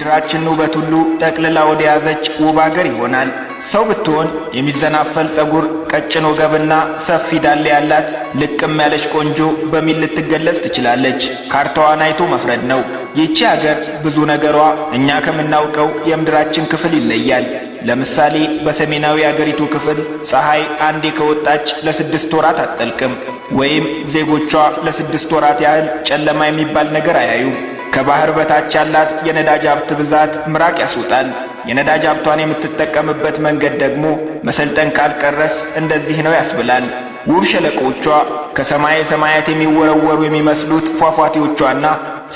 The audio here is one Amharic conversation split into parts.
ምድራችን ውበት ሁሉ ጠቅልላ ወደ ያዘች ውብ አገር ይሆናል። ሰው ብትሆን የሚዘናፈል ጸጉር፣ ቀጭን ወገብና ሰፊ ዳሌ ያላት ልቅም ያለች ቆንጆ በሚል ልትገለጽ ትችላለች። ካርታዋን አይቶ መፍረድ ነው። ይቺ አገር ብዙ ነገሯ እኛ ከምናውቀው የምድራችን ክፍል ይለያል። ለምሳሌ በሰሜናዊ አገሪቱ ክፍል ፀሐይ አንዴ ከወጣች ለስድስት ወራት አትጠልቅም፣ ወይም ዜጎቿ ለስድስት ወራት ያህል ጨለማ የሚባል ነገር አያዩም። ከባህር በታች ያላት የነዳጅ ሀብት ብዛት ምራቅ ያስወጣል። የነዳጅ ሀብቷን የምትጠቀምበት መንገድ ደግሞ መሰልጠን ካልቀረስ እንደዚህ ነው ያስብላል። ውብ ሸለቆቿ ከሰማይ ሰማያት የሚወረወሩ የሚመስሉት ፏፏቴዎቿና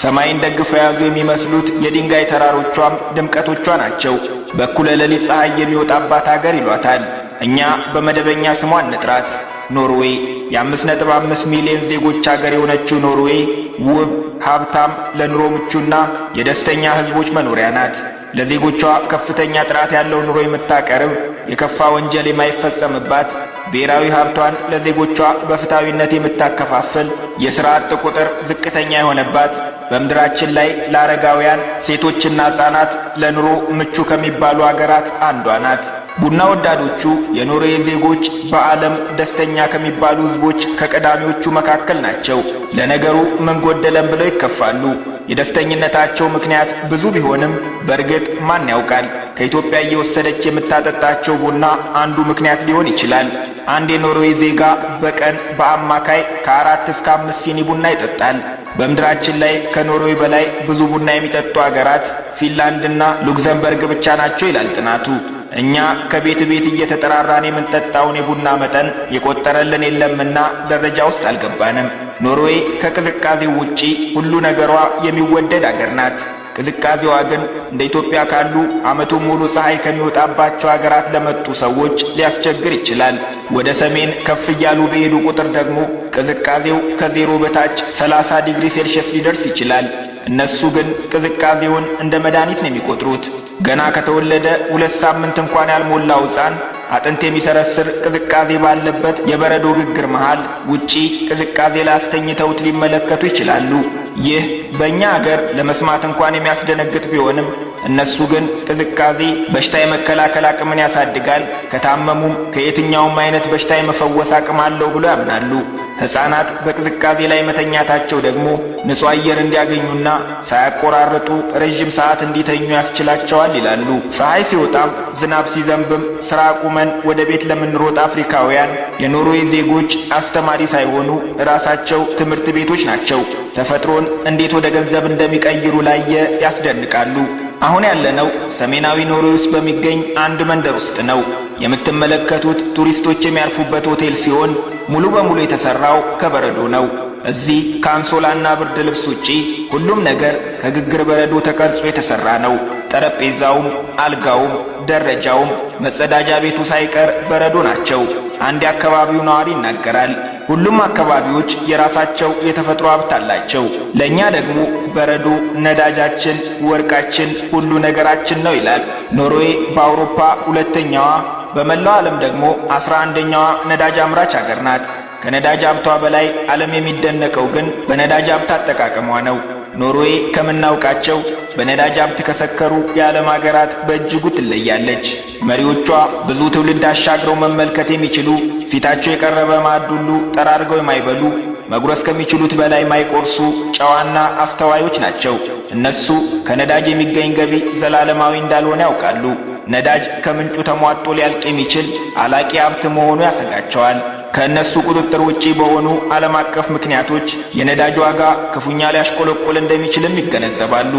ሰማይን ደግፈው የያዙ የሚመስሉት የድንጋይ ተራሮቿም ድምቀቶቿ ናቸው። በኩለ ሌሊት ፀሐይ የሚወጣባት አገር ይሏታል። እኛ በመደበኛ ስሟ እንጥራት። ኖርዌይ የ5.5 ሚሊዮን ዜጎች አገር የሆነችው ኖርዌይ ውብ፣ ሀብታም፣ ለኑሮ ምቹና የደስተኛ ህዝቦች መኖሪያ ናት። ለዜጎቿ ከፍተኛ ጥራት ያለው ኑሮ የምታቀርብ፣ የከፋ ወንጀል የማይፈጸምባት፣ ብሔራዊ ሀብቷን ለዜጎቿ በፍትሐዊነት የምታከፋፍል፣ የሥራ አጥ ቁጥር ዝቅተኛ የሆነባት፣ በምድራችን ላይ ለአረጋውያን ሴቶችና ሕፃናት ለኑሮ ምቹ ከሚባሉ አገራት አንዷ ናት። ቡና ወዳዶቹ የኖርዌይ ዜጎች በዓለም ደስተኛ ከሚባሉ ሕዝቦች ከቀዳሚዎቹ መካከል ናቸው። ለነገሩ ምን ጎደለን ብለው ይከፋሉ። የደስተኝነታቸው ምክንያት ብዙ ቢሆንም በእርግጥ ማን ያውቃል፣ ከኢትዮጵያ እየወሰደች የምታጠጣቸው ቡና አንዱ ምክንያት ሊሆን ይችላል። አንድ የኖርዌይ ዜጋ በቀን በአማካይ ከአራት እስከ አምስት ሲኒ ቡና ይጠጣል። በምድራችን ላይ ከኖርዌይ በላይ ብዙ ቡና የሚጠጡ አገራት ፊንላንድና ሉክዘምበርግ ብቻ ናቸው ይላል ጥናቱ። እኛ ከቤት ቤት እየተጠራራን የምንጠጣውን የቡና መጠን የቆጠረልን የለምና ደረጃ ውስጥ አልገባንም። ኖርዌይ ከቅዝቃዜው ውጪ ሁሉ ነገሯ የሚወደድ አገር ናት። ቅዝቃዜዋ ግን እንደ ኢትዮጵያ ካሉ ዓመቱን ሙሉ ፀሐይ ከሚወጣባቸው አገራት ለመጡ ሰዎች ሊያስቸግር ይችላል። ወደ ሰሜን ከፍ እያሉ በሄዱ ቁጥር ደግሞ ቅዝቃዜው ከዜሮ በታች 30 ዲግሪ ሴልሺየስ ሊደርስ ይችላል። እነሱ ግን ቅዝቃዜውን እንደ መድኃኒት ነው የሚቆጥሩት። ገና ከተወለደ ሁለት ሳምንት እንኳን ያልሞላው ሕፃን አጥንት የሚሰረስር ቅዝቃዜ ባለበት የበረዶ ግግር መሃል ውጪ ቅዝቃዜ ላይ አስተኝተውት ሊመለከቱ ይችላሉ። ይህ በእኛ አገር ለመስማት እንኳን የሚያስደነግጥ ቢሆንም እነሱ ግን ቅዝቃዜ በሽታ የመከላከል አቅምን ያሳድጋል፣ ከታመሙም ከየትኛውም አይነት በሽታ የመፈወስ አቅም አለው ብሎ ያምናሉ። ሕፃናት በቅዝቃዜ ላይ መተኛታቸው ደግሞ ንጹህ አየር እንዲያገኙና ሳያቆራረጡ ረዥም ሰዓት እንዲተኙ ያስችላቸዋል ይላሉ። ፀሐይ ሲወጣም ዝናብ ሲዘንብም ሥራ አቁመን ወደ ቤት ለምንሮጥ አፍሪካውያን የኖርዌይ ዜጎች አስተማሪ ሳይሆኑ ራሳቸው ትምህርት ቤቶች ናቸው ተፈጥሮን እንዴት ወደ ገንዘብ እንደሚቀይሩ ላየ ያስደንቃሉ። አሁን ያለነው ሰሜናዊ ኖርዌይ ውስጥ በሚገኝ አንድ መንደር ውስጥ ነው። የምትመለከቱት ቱሪስቶች የሚያርፉበት ሆቴል ሲሆን ሙሉ በሙሉ የተሰራው ከበረዶ ነው። እዚህ ከአንሶላና ብርድ ልብስ ውጪ ሁሉም ነገር ከግግር በረዶ ተቀርጾ የተሰራ ነው። ጠረጴዛውም፣ አልጋውም፣ ደረጃውም፣ መጸዳጃ ቤቱ ሳይቀር በረዶ ናቸው። አንድ የአካባቢው ነዋሪ ይናገራል። ሁሉም አካባቢዎች የራሳቸው የተፈጥሮ ሀብት አላቸው። ለእኛ ደግሞ በረዶ ነዳጃችን፣ ወርቃችን፣ ሁሉ ነገራችን ነው ይላል። ኖርዌይ በአውሮፓ ሁለተኛዋ በመላው ዓለም ደግሞ አስራ አንደኛዋ ነዳጅ አምራች አገር ናት። ከነዳጅ ሀብቷ በላይ ዓለም የሚደነቀው ግን በነዳጅ ሀብት አጠቃቀሟ ነው። ኖርዌይ ከምናውቃቸው በነዳጅ ሀብት ከሰከሩ የዓለም አገራት በእጅጉ ትለያለች። መሪዎቿ ብዙ ትውልድ አሻግረው መመልከት የሚችሉ ፊታቸው የቀረበ ማዕድ ሁሉ ጠራርገው የማይበሉ መጉረስ ከሚችሉት በላይ ማይቆርሱ ጨዋና አስተዋዮች ናቸው። እነሱ ከነዳጅ የሚገኝ ገቢ ዘላለማዊ እንዳልሆነ ያውቃሉ። ነዳጅ ከምንጩ ተሟጦ ሊያልቅ የሚችል አላቂ ሀብት መሆኑ ያሰጋቸዋል። ከእነሱ ቁጥጥር ውጪ በሆኑ ዓለም አቀፍ ምክንያቶች የነዳጅ ዋጋ ክፉኛ ሊያሽቆለቆል እንደሚችልም ይገነዘባሉ።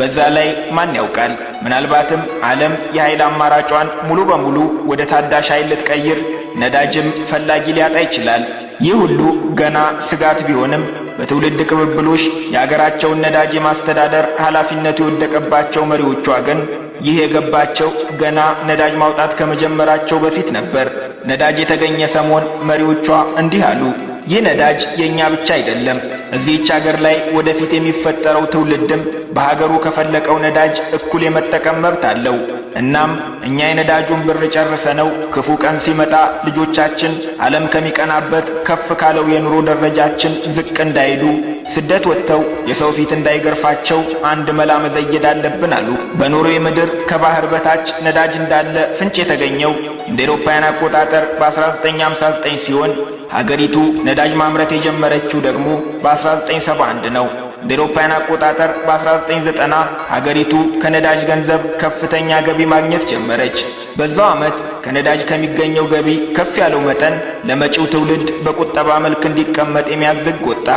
በዛ ላይ ማን ያውቃል፣ ምናልባትም ዓለም የኃይል አማራጯን ሙሉ በሙሉ ወደ ታዳሽ ኃይል ልትቀይር፣ ነዳጅም ፈላጊ ሊያጣ ይችላል። ይህ ሁሉ ገና ስጋት ቢሆንም በትውልድ ቅብብሎሽ የአገራቸውን ነዳጅ የማስተዳደር ኃላፊነቱ የወደቀባቸው መሪዎቿ ግን ይህ የገባቸው ገና ነዳጅ ማውጣት ከመጀመራቸው በፊት ነበር። ነዳጅ የተገኘ ሰሞን መሪዎቿ እንዲህ አሉ፣ ይህ ነዳጅ የእኛ ብቻ አይደለም እዚህች አገር ላይ ወደፊት የሚፈጠረው ትውልድም በሀገሩ ከፈለቀው ነዳጅ እኩል የመጠቀም መብት አለው። እናም እኛ የነዳጁን ብር ነው። ክፉ ቀን ሲመጣ ልጆቻችን ዓለም ከሚቀናበት ከፍ ካለው የኑሮ ደረጃችን ዝቅ እንዳይሉ ስደት ወጥተው የሰው ፊት እንዳይገርፋቸው አንድ መላ መዘየድ አለብን አሉ። በኖርዌይ ምድር ከባህር በታች ነዳጅ እንዳለ ፍንጭ የተገኘው እንደ ኤሮፓውያን አቆጣጠር በ1959 ሲሆን ሀገሪቱ ነዳጅ ማምረት የጀመረችው ደግሞ በ 1971 ነው። እንደ አቆጣጠር በ1990 ሀገሪቱ ከነዳጅ ገንዘብ ከፍተኛ ገቢ ማግኘት ጀመረች። በዛው ዓመት ከነዳጅ ከሚገኘው ገቢ ከፍ ያለው መጠን ለመጪው ትውልድ በቁጠባ መልክ እንዲቀመጥ የሚያዝግ ወጣ።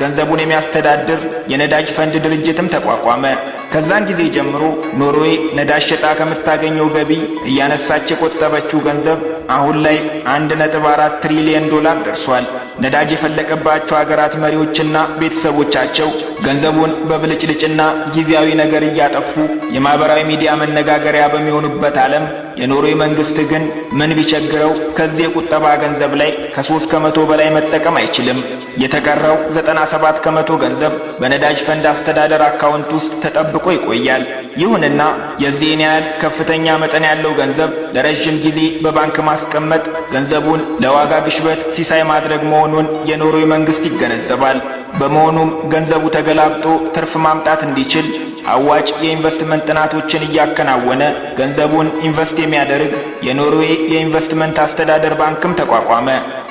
ገንዘቡን የሚያስተዳድር የነዳጅ ፈንድ ድርጅትም ተቋቋመ። ከዛን ጊዜ ጀምሮ ኖርዌይ ነዳጅ ሸጣ ከምታገኘው ገቢ እያነሳች የቆጠበችው ገንዘብ አሁን ላይ 1.4 ትሪሊየን ዶላር ደርሷል። ነዳጅ የፈለቀባቸው አገራት መሪዎችና ቤተሰቦቻቸው ገንዘቡን በብልጭልጭና ጊዜያዊ ነገር እያጠፉ የማኅበራዊ ሚዲያ መነጋገሪያ በሚሆኑበት ዓለም የኖሮ መንግስት ግን ምን ቢቸግረው ከዚህ የቁጠባ ገንዘብ ላይ ከሶስት ከመቶ በላይ መጠቀም አይችልም። የተቀረው ዘጠና ከመቶ ገንዘብ በነዳጅ ፈንድ አስተዳደር አካውንት ውስጥ ተጠብቆ ይቆያል። ይሁንና የዚህን ያህል ከፍተኛ መጠን ያለው ገንዘብ ለረዥም ጊዜ በባንክ ማስቀመጥ ገንዘቡን ለዋጋ ግሽበት ሲሳይ ማድረግ መሆኑን የኖርዌይ መንግስት ይገነዘባል። በመሆኑም ገንዘቡ ተገላብጦ ትርፍ ማምጣት እንዲችል አዋጭ የኢንቨስትመንት ጥናቶችን እያከናወነ ገንዘቡን ኢንቨስት የሚያደርግ የኖርዌይ የኢንቨስትመንት አስተዳደር ባንክም ተቋቋመ።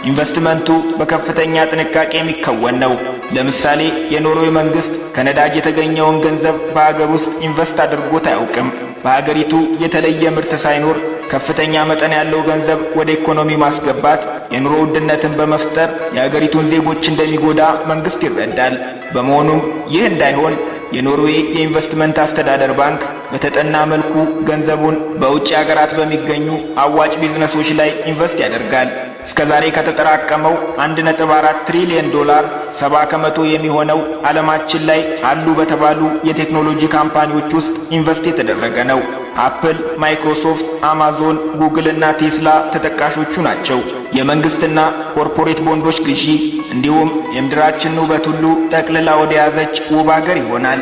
ኢንቨስትመንቱ በከፍተኛ ጥንቃቄ የሚከወን ነው። ለምሳሌ የኖርዌይ መንግስት ከነዳጅ የተገኘውን ገንዘብ በሀገር ውስጥ ኢንቨስት አድርጎት አያውቅም። በሀገሪቱ የተለየ ምርት ሳይኖር ከፍተኛ መጠን ያለው ገንዘብ ወደ ኢኮኖሚ ማስገባት የኑሮ ውድነትን በመፍጠር የአገሪቱን ዜጎች እንደሚጎዳ መንግስት ይረዳል። በመሆኑም ይህ እንዳይሆን የኖርዌይ የኢንቨስትመንት አስተዳደር ባንክ በተጠና መልኩ ገንዘቡን በውጭ አገራት በሚገኙ አዋጭ ቢዝነሶች ላይ ኢንቨስት ያደርጋል። እስከ ዛሬ ከተጠራቀመው 1.4 ትሪሊየን ዶላር 70 ከመቶ የሚሆነው ዓለማችን ላይ አሉ በተባሉ የቴክኖሎጂ ካምፓኒዎች ውስጥ ኢንቨስት የተደረገ ነው። አፕል፣ ማይክሮሶፍት፣ አማዞን፣ ጉግል እና ቴስላ ተጠቃሾቹ ናቸው። የመንግስትና ኮርፖሬት ቦንዶች ግዢ እንዲሁም የምድራችንን ውበት ሁሉ ጠቅልላ ወደ ያዘች ውብ አገር ይሆናል።